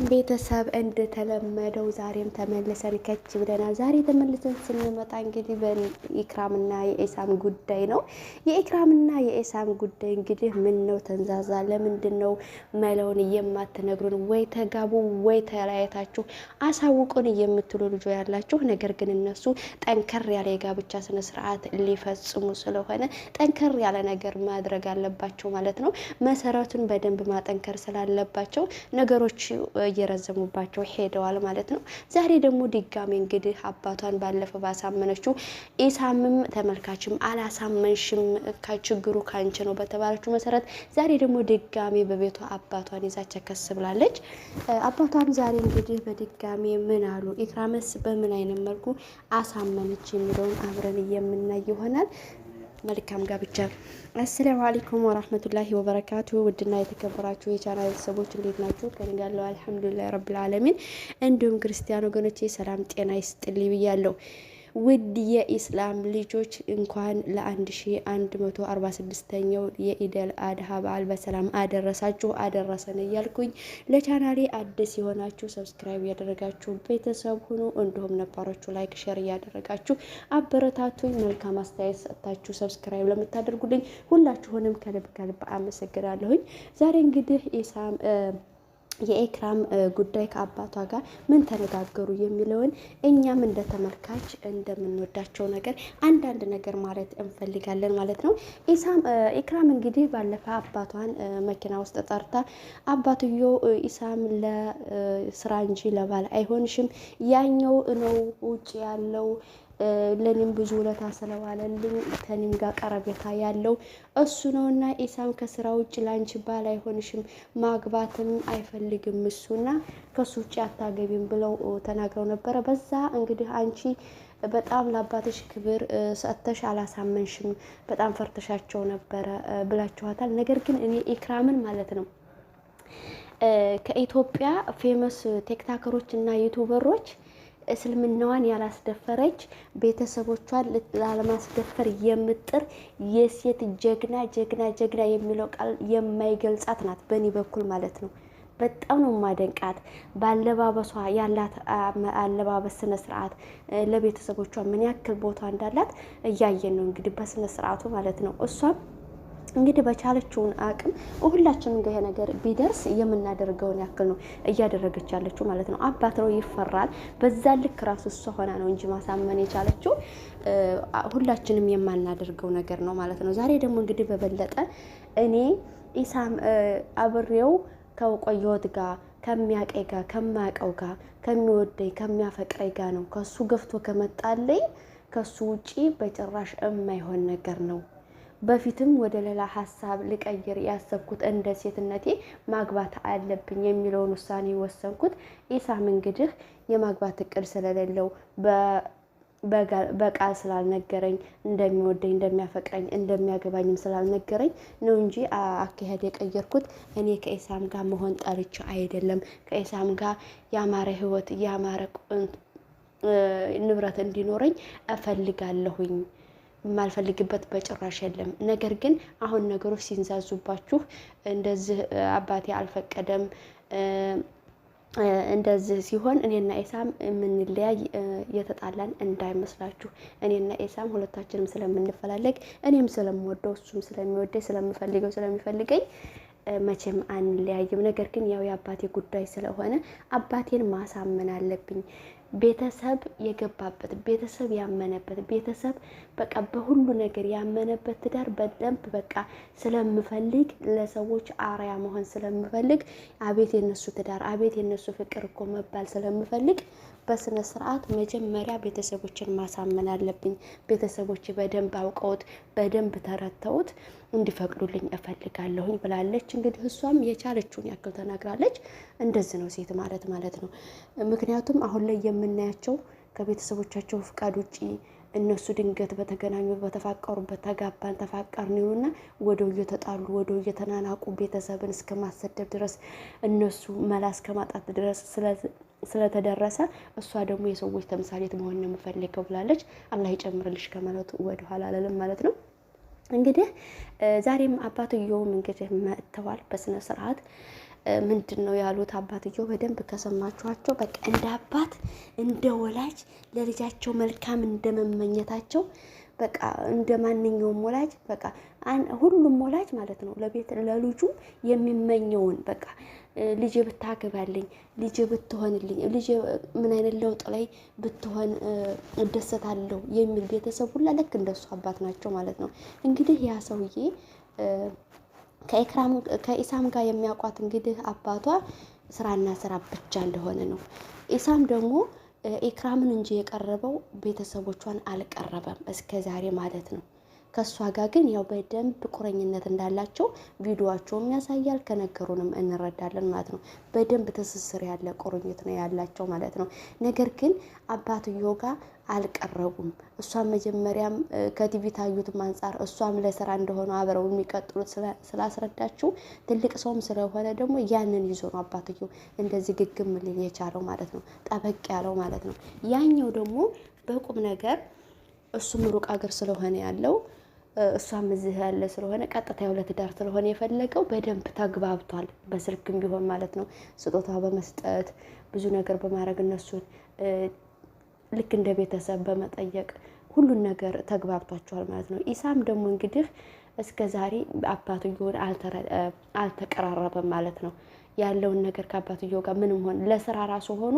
ሰላም ቤተሰብ፣ እንደተለመደው ዛሬም ተመልሰን ከች ብለናል። ዛሬ ተመልሰን ስንመጣ እንግዲህ በኢክራምና የኢሳም ጉዳይ ነው። የኢክራምና የኢሳም ጉዳይ እንግዲህ ምን ነው ተንዛዛ? ለምንድን ነው መለውን የማትነግሩን? ወይ ተጋቡ ወይ ተለያየታችሁ አሳውቁን የምትሉ ልጆ ያላችሁ፣ ነገር ግን እነሱ ጠንከር ያለ የጋብቻ ስነስርዓት ሊፈጽሙ ስለሆነ ጠንከር ያለ ነገር ማድረግ አለባቸው ማለት ነው። መሰረቱን በደንብ ማጠንከር ስላለባቸው ነገሮች እየረዘሙባቸው ሄደዋል ማለት ነው። ዛሬ ደግሞ ድጋሚ እንግዲህ አባቷን ባለፈው ባሳመነችው ኢሳምም ተመልካችም አላሳመንሽም ከችግሩ ካንቺ ነው በተባለችው መሰረት ዛሬ ደግሞ ድጋሚ በቤቷ አባቷን ይዛች ከስ ብላለች። አባቷም ዛሬ እንግዲህ በድጋሚ ምን አሉ ኢክራመስ በምን አይነት መልኩ አሳመነች የሚለውን አብረን የምናይ ይሆናል። መልካም ጋብቻ። አሰላሙ አለይኩም ወራህመቱላሂ ወበረካቱ። ውድና የተከበራችሁ የቻናል ቤተሰቦች እንዴት ናችሁ? ከኔ ጋር አልሐምዱሊላህ ረብል ዓለሚን። እንዲሁም ክርስቲያን ወገኖቼ ሰላም ጤና ይስጥልኝ ብያለሁ። ውድ የኢስላም ልጆች እንኳን ለ1146ኛው የኢደል አድሃ በዓል በሰላም አደረሳችሁ አደረሰን እያልኩኝ ለቻናሌ አዲስ የሆናችሁ ሰብስክራይብ ያደረጋችሁ ቤተሰብ ሁኑ። እንዲሁም ነባሮቹ ላይክ፣ ሼር እያደረጋችሁ አበረታቱኝ። መልካም አስተያየት ሰጥታችሁ ሰብስክራይብ ለምታደርጉልኝ ሁላችሁንም ከልብ ከልብ አመሰግናለሁኝ። ዛሬ እንግዲህ ኢሳም የኤክራም ጉዳይ ከአባቷ ጋር ምን ተነጋገሩ የሚለውን እኛም እንደ ተመልካች እንደምንወዳቸው ነገር አንዳንድ ነገር ማለት እንፈልጋለን ማለት ነው። ኤክራም እንግዲህ ባለፈ አባቷን መኪና ውስጥ ጠርታ አባትዮ ኢሳም ለስራ እንጂ ለባል አይሆንሽም ያኛው ነው ውጭ ያለው ለኔም ብዙ ውለታ ስለዋለልኝ ከኔም ጋር ቀረቤታ ያለው እሱ እና ኢሳም ከስራ ውጭ ላንቺ ባል አይሆንሽም፣ ማግባትም አይፈልግም እሱና ከሱ ውጭ አታገቢም ብለው ተናግረው ነበረ። በዛ እንግዲህ አንቺ በጣም ለአባትሽ ክብር ሰጥተሽ አላሳመንሽም፣ በጣም ፈርተሻቸው ነበረ ብላችኋታል። ነገር ግን እኔ ኢክራምን ማለት ነው ከኢትዮጵያ ፌመስ ቴክታከሮች እና ዩቱበሮች እስልምናዋን ያላስደፈረች ቤተሰቦቿን ላለማስደፈር የምጥር የሴት ጀግና ጀግና ጀግና የሚለው ቃል የማይገልጻት ናት፣ በእኔ በኩል ማለት ነው። በጣም ነው ማደንቃት። በአለባበሷ ያላት አለባበስ ስነ ስርዓት፣ ለቤተሰቦቿ ምን ያክል ቦታ እንዳላት እያየን ነው እንግዲህ በስነ ስርዓቱ ማለት ነው እሷም እንግዲህ በቻለችውን አቅም ሁላችንም ይሄ ነገር ቢደርስ የምናደርገውን ያክል ነው እያደረገች ያለችው ማለት ነው። አባት ነው ይፈራል። በዛ ልክ ራሱ እሷ ሆና ነው እንጂ ማሳመን የቻለችው ሁላችንም የማናደርገው ነገር ነው ማለት ነው። ዛሬ ደግሞ እንግዲህ በበለጠ እኔ ኢሳም አብሬው ከቆየሁት ጋር ከሚያቀይ ጋር ከማያቀው ጋር ከሚወደኝ ከሚያፈቅረኝ ጋር ነው ከሱ ገፍቶ ከመጣለኝ ከሱ ውጪ በጭራሽ የማይሆን ነገር ነው በፊትም ወደ ሌላ ሀሳብ ልቀይር ያሰብኩት እንደ ሴትነቴ ማግባት አለብኝ የሚለውን ውሳኔ የወሰንኩት ኢሳም እንግዲህ የማግባት እቅድ ስለሌለው በቃል ስላልነገረኝ እንደሚወደኝ እንደሚያፈቅረኝ እንደሚያገባኝም ስላልነገረኝ ነው እንጂ አካሄድ የቀየርኩት እኔ ከኢሳም ጋር መሆን ጠልቼ አይደለም። ከኢሳም ጋር ያማረ ህይወት ያማረ ንብረት እንዲኖረኝ እፈልጋለሁኝ። የማልፈልግበት በጭራሽ የለም። ነገር ግን አሁን ነገሮች ሲንዛዙባችሁ እንደዚህ አባቴ አልፈቀደም እንደዚህ ሲሆን እኔና ኤሳም የምንለያይ የተጣላን እንዳይመስላችሁ። እኔና ኤሳም ሁለታችንም ስለምንፈላለግ እኔም ስለምወደው እሱም ስለሚወደኝ ስለምፈልገው ስለሚፈልገኝ መቼም አንለያይም። ነገር ግን ያው የአባቴ ጉዳይ ስለሆነ አባቴን ማሳመን አለብኝ። ቤተሰብ የገባበት ቤተሰብ ያመነበት ቤተሰብ በቃ በሁሉ ነገር ያመነበት ትዳር በደንብ በቃ ስለምፈልግ ለሰዎች አርያ መሆን ስለምፈልግ አቤት የነሱ ትዳር አቤት የነሱ ፍቅር እኮ መባል ስለምፈልግ በስነ ስርዓት መጀመሪያ ቤተሰቦችን ማሳመን አለብኝ። ቤተሰቦች በደንብ አውቀውት በደንብ ተረተውት እንዲፈቅዱልኝ እፈልጋለሁኝ ብላለች። እንግዲህ እሷም የቻለችውን ያክል ተናግራለች። እንደዚህ ነው ሴት ማለት ማለት ነው። ምክንያቱም አሁን ላይ የምናያቸው ከቤተሰቦቻቸው ፍቃድ ውጪ እነሱ ድንገት በተገናኙ በተፋቀሩበት ተጋባን ነው ይሉና ወደው እየተጣሉ ወደው እየተናናቁ ቤተሰብን እስከ ማሰደብ ድረስ እነሱ መላ እስከ ማጣት ድረስ ስለተደረሰ እሷ ደግሞ የሰዎች ተምሳሌት መሆን ነው የምፈልገው ብላለች። አላህ ይጨምርልሽ ከማለቱ ወደኋላ አላለም ማለት ነው። እንግዲህ ዛሬም አባትየውም እንግዲህ መጥተዋል በስነ ስርዓት ምንድን ነው ያሉት አባትየው በደንብ ከሰማችኋቸው፣ በቃ እንደ አባት እንደ ወላጅ ለልጃቸው መልካም እንደመመኘታቸው በቃ እንደ ማንኛውም ወላጅ በቃ ሁሉም ወላጅ ማለት ነው ለቤት ለልጁ የሚመኘውን በቃ ልጄ ብታገባልኝ፣ ልጄ ብትሆንልኝ፣ ል ምን አይነት ለውጥ ላይ ብትሆን እደሰታለሁ የሚል ቤተሰብ ሁላ ልክ እንደሱ አባት ናቸው ማለት ነው። እንግዲህ ያ ሰውዬ ከኢሳም ጋር የሚያውቋት እንግዲህ አባቷ ስራና ስራ ብቻ እንደሆነ ነው። ኢሳም ደግሞ ኢክራምን እንጂ የቀረበው ቤተሰቦቿን አልቀረበም እስከ ዛሬ ማለት ነው። ከእሷ ጋር ግን ያው በደንብ ቁርኝነት እንዳላቸው ቪዲዮቸውም ያሳያል፣ ከነገሩንም እንረዳለን ማለት ነው። በደንብ ትስስር ያለ ቁርኝት ነው ያላቸው ማለት ነው። ነገር ግን አባትዮ ጋ አልቀረቡም። እሷም መጀመሪያም ከቲቪ ታዩትም አንጻር እሷም ለስራ እንደሆነ አብረው የሚቀጥሉት ስላስረዳችው ትልቅ ሰውም ስለሆነ ደግሞ ያንን ይዞ ነው አባትዮ እንደዚህ ግግም ልን የቻለው ማለት ነው። ጠበቅ ያለው ማለት ነው። ያኛው ደግሞ በቁም ነገር እሱም ሩቅ አገር ስለሆነ ያለው እሷም እዚህ ያለ ስለሆነ ቀጥታ የሁለት ዳር ስለሆነ የፈለገው በደንብ ተግባብቷል። በስልክም ቢሆን ማለት ነው ስጦታ በመስጠት ብዙ ነገር በማድረግ እነሱን ልክ እንደ ቤተሰብ በመጠየቅ ሁሉን ነገር ተግባብቷቸዋል ማለት ነው። ኢሳም ደግሞ እንግዲህ እስከ ዛሬ አባትዮውን አልተቀራረበም ማለት ነው። ያለውን ነገር ከአባትዮው ጋር ምንም ሆነ ለስራ ራሱ ሆኖ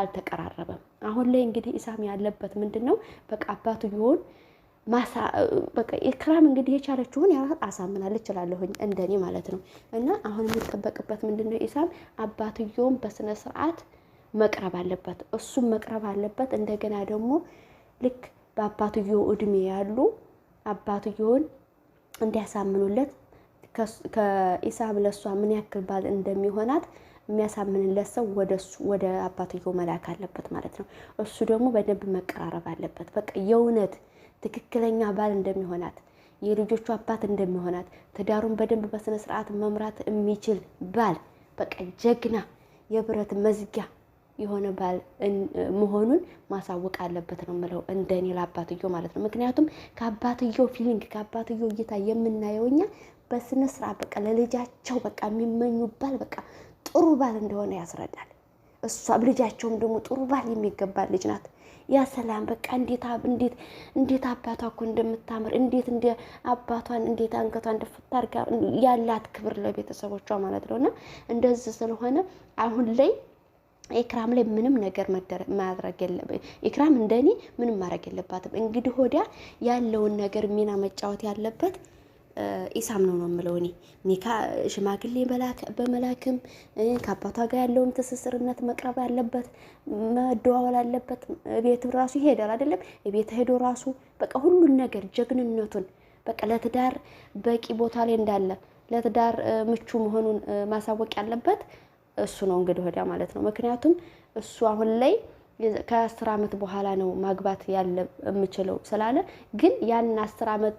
አልተቀራረበም። አሁን ላይ እንግዲህ ኢሳም ያለበት ምንድን ነው በቃ አባትዮውን በቃ ኢክራም እንግዲህ የቻለችውን ያህል አሳምናል እችላለሁኝ እንደኔ ማለት ነው። እና አሁን የሚጠበቅበት ምንድን ነው? ኢሳም በስነ ስርዓት መቅረብ አለበት፣ እሱም መቅረብ አለበት። እንደገና ደግሞ ልክ በአባትየው እድሜ ያሉ አባትየውን እንዲያሳምኑለት ከኢሳም ለእሷ ምን ያክል ባል እንደሚሆናት የሚያሳምንለት ሰው ወደ አባትየው መላክ አለበት ማለት ነው። እሱ ደግሞ በደንብ መቀራረብ አለበት በቃ የእውነት ትክክለኛ ባል እንደሚሆናት የልጆቹ አባት እንደሚሆናት ትዳሩን በደንብ በስነ ስርዓት መምራት የሚችል ባል በቃ ጀግና የብረት መዝጊያ የሆነ ባል መሆኑን ማሳወቅ አለበት ነው የምለው፣ እንደኔ ለአባትዮ ማለት ነው። ምክንያቱም ከአባትዮ ፊሊንግ ከአባትዮ እይታ የምናየው እኛ በስነ ስርዓት በቃ ለልጃቸው በቃ የሚመኙ ባል በቃ ጥሩ ባል እንደሆነ ያስረዳል። እሷ ልጃቸውም ደግሞ ጥሩ ባል የሚገባ ልጅ ናት። ያ ሰላም በቃ እንዴት እንዴት እንዴት አባቷ እኮ እንደምታምር እንዴት እንደ አባቷን እንዴት አንገቷ እንደፍታርጋ ያላት ክብር ለቤተሰቦቿ ማለት ነው። እና እንደዚህ ስለሆነ አሁን ላይ ኤክራም ላይ ምንም ነገር ማድረግ የለብን። ኤክራም እንደኔ ምንም ማድረግ የለባትም። እንግዲህ ወዲያ ያለውን ነገር ሚና መጫወት ያለበት ኢሳም ነው ነው የምለው እኔ ኒካ ሽማግሌ በመላክም ከአባቷ ጋር ያለውን ትስስርነት መቅረብ ያለበት መደዋወል አለበት። ቤት ራሱ ይሄዳል አይደለም ቤት ሄዶ ራሱ በቃ ሁሉን ነገር ጀግንነቱን በቃ ለትዳር በቂ ቦታ ላይ እንዳለ ለትዳር ምቹ መሆኑን ማሳወቅ ያለበት እሱ ነው እንግዲህ ወዲያ ማለት ነው። ምክንያቱም እሱ አሁን ላይ ከአስር ዓመት በኋላ ነው ማግባት ያለ የምችለው ስላለ ግን ያን አስር ዓመት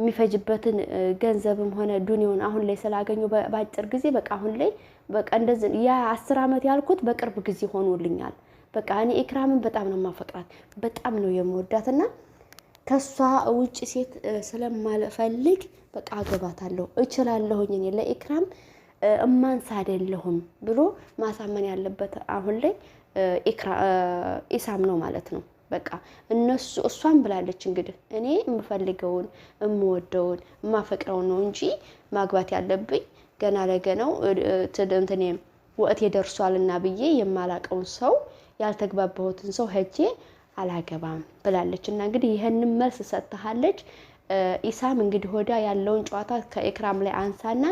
የሚፈጅበትን ገንዘብም ሆነ ዱኒውን አሁን ላይ ስላገኙ በአጭር ጊዜ በቃ አሁን ላይ በቃ እንደዚህ ያ አስር ዓመት ያልኩት በቅርብ ጊዜ ሆኖልኛል። በቃ እኔ ኢክራምን በጣም ነው የማፈቅራት፣ በጣም ነው የምወዳት እና ከሷ ውጭ ሴት ስለማልፈልግ በቃ አገባታለሁ እችላለሁኝ እኔ ለኢክራም እማንስ አይደለሁም ብሎ ማሳመን ያለበት አሁን ላይ ኢሳም ነው ማለት ነው። በቃ እነሱ እሷን ብላለች እንግዲህ እኔ የምፈልገውን የምወደውን የማፈቅረው ነው እንጂ ማግባት ያለብኝ ገና ለገናው ትንትኔ ወቅቴ ደርሷልና ብዬ የማላቀውን ሰው ያልተግባባሁትን ሰው ሄጄ አላገባም ብላለች። እና እንግዲህ ይህንን መልስ ሰጥታለች። ኢሳም እንግዲህ ሆዳ ያለውን ጨዋታ ከኤክራም ላይ አንሳና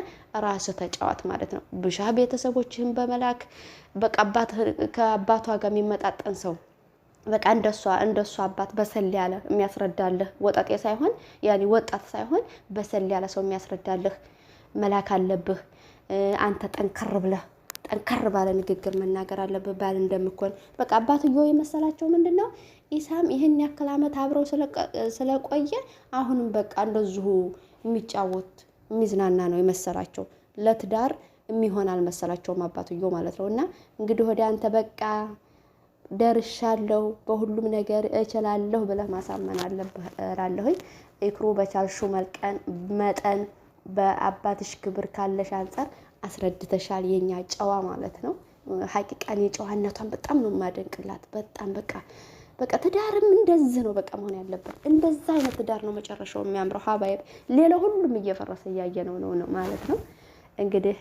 ራስ ተጫዋት ማለት ነው። ብሻ ቤተሰቦችህን በመላክ በቃ ከአባቷ ጋር የሚመጣጠን ሰው በቃ እንደሷ እንደሷ አባት በሰል ያለ የሚያስረዳልህ ወጠጤ ሳይሆን ያኔ ወጣት ሳይሆን በሰል ያለ ሰው የሚያስረዳልህ መላክ አለብህ። አንተ ጠንከር ብለህ ጠንከር ባለ ንግግር መናገር አለብህ ባል እንደምኮን። በቃ አባትዮ የመሰላቸው ምንድን ነው ኢሳም ይህን ያክል ዓመት አብረው ስለቆየ አሁንም በቃ እንደዚሁ የሚጫወት የሚዝናና ነው የመሰላቸው ለትዳር የሚሆን አልመሰላቸውም አባትዮ ማለት ነው። እና እንግዲህ ወደ አንተ በቃ ደርሻለሁ፣ በሁሉም ነገር እችላለሁ ብለህ ማሳመን አለብህ እላለሁኝ። ኢክሩ በቻልሹ መጠን በአባትሽ ክብር ካለሽ አንጻር አስረድተሻል። የኛ ጨዋ ማለት ነው። ሀቂቃን የጨዋነቷን በጣም ነው የማደንቅላት። በጣም በቃ በቃ ትዳርም እንደዚህ ነው በቃ መሆን ያለበት። እንደዛ አይነት ትዳር ነው መጨረሻው የሚያምረው። ሀባይብ ሌላ ሁሉም እየፈረሰ እያየ ነው ነው ማለት ነው እንግዲህ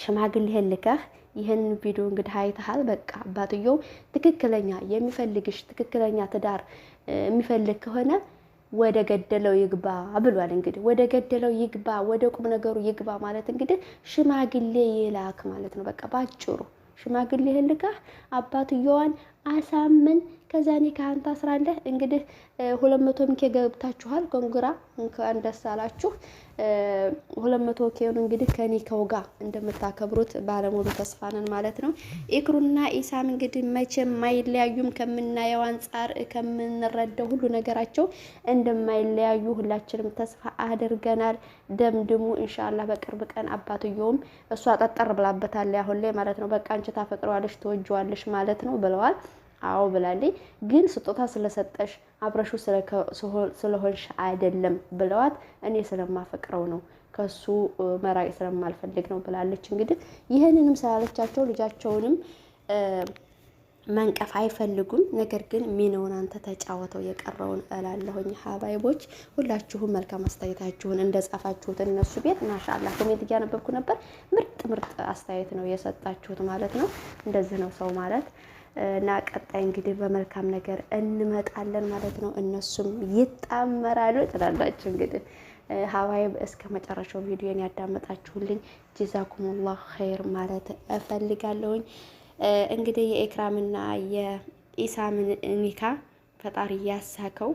ሽማግሌህን ልከህ ይህን ቪዲዮ እንግዲህ አይተሃል። በቃ አባትዮ ትክክለኛ የሚፈልግሽ ትክክለኛ ትዳር የሚፈልግ ከሆነ ወደ ገደለው ይግባ ብሏል። እንግዲህ ወደ ገደለው ይግባ፣ ወደ ቁም ነገሩ ይግባ ማለት እንግዲህ ሽማግሌ ይላክ ማለት ነው። በቃ ባጭሩ ሽማግሌ ህልካህ አባትየዋን አሳምን። ከዛ እኔ ከአንተ አስራለህ እንግዲህ ሁለት መቶ ኬ ገብታችኋል። ኮንግራ እንኳን ደስ አላችሁ። ሁለት መቶ ኬውን እንግዲህ ከኔ ከውጋ እንደምታከብሩት ባለሙሉ ተስፋ ማለት ነው። ኢክሩና ኢሳም እንግዲህ መቼም ማይለያዩም ከምናየው አንጻር ከምንረዳው ሁሉ ነገራቸው እንደማይለያዩ ሁላችንም ተስፋ አድርገናል። ደምድሙ። ኢንሻአላህ በቅርብ ቀን አባትየውም እሷ ጠጠር ብላበታል አሁን ላይ ማለት ነው። በቃ አንቺ ታፈቅረዋለሽ፣ ትወጅዋለሽ ማለት ነው ብለዋል። አዎ ብላለች። ግን ስጦታ ስለሰጠሽ አብረሹ ስለሆንሽ አይደለም ብለዋት፣ እኔ ስለማፈቅረው ነው ከሱ መራቅ ስለማልፈልግ ነው ብላለች። እንግዲህ ይህንንም ስላለቻቸው ልጃቸውንም መንቀፍ አይፈልጉም። ነገር ግን ሚነውን አንተ ተጫወተው የቀረውን እላለሁኝ። ሀባይቦች ሁላችሁም መልካም አስተያየታችሁን እንደጻፋችሁት እነሱ ቤት ማሻአላህ ኮሜንት እያነበብኩ ነበር። ምርጥ ምርጥ አስተያየት ነው የሰጣችሁት ማለት ነው። እንደዚህ ነው ሰው ማለት እና ቀጣይ እንግዲህ በመልካም ነገር እንመጣለን ማለት ነው። እነሱም ይጣመራሉ ትላላችሁ እንግዲህ ሀዋይብ እስከ መጨረሻው ቪዲዮን ያዳመጣችሁልኝ ጀዛኩሙላህ ኸይር ማለት እፈልጋለሁኝ። እንግዲህ የኤክራምና የኢሳምን ኒካ ፈጣሪ እያሳከው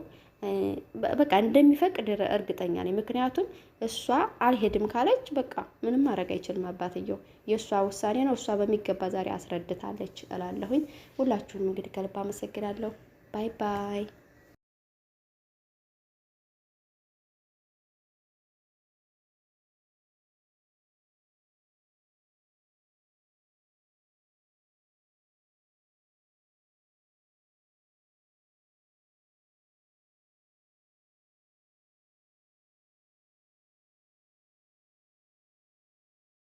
በቃ እንደሚፈቅድ እርግጠኛ ነኝ። ምክንያቱም እሷ አልሄድም ካለች በቃ ምንም ማድረግ አይችልም አባትየው። የእሷ ውሳኔ ነው። እሷ በሚገባ ዛሬ አስረድታለች እላለሁኝ። ሁላችሁም እንግዲህ ከልብ አመሰግናለሁ። ባይ ባይ።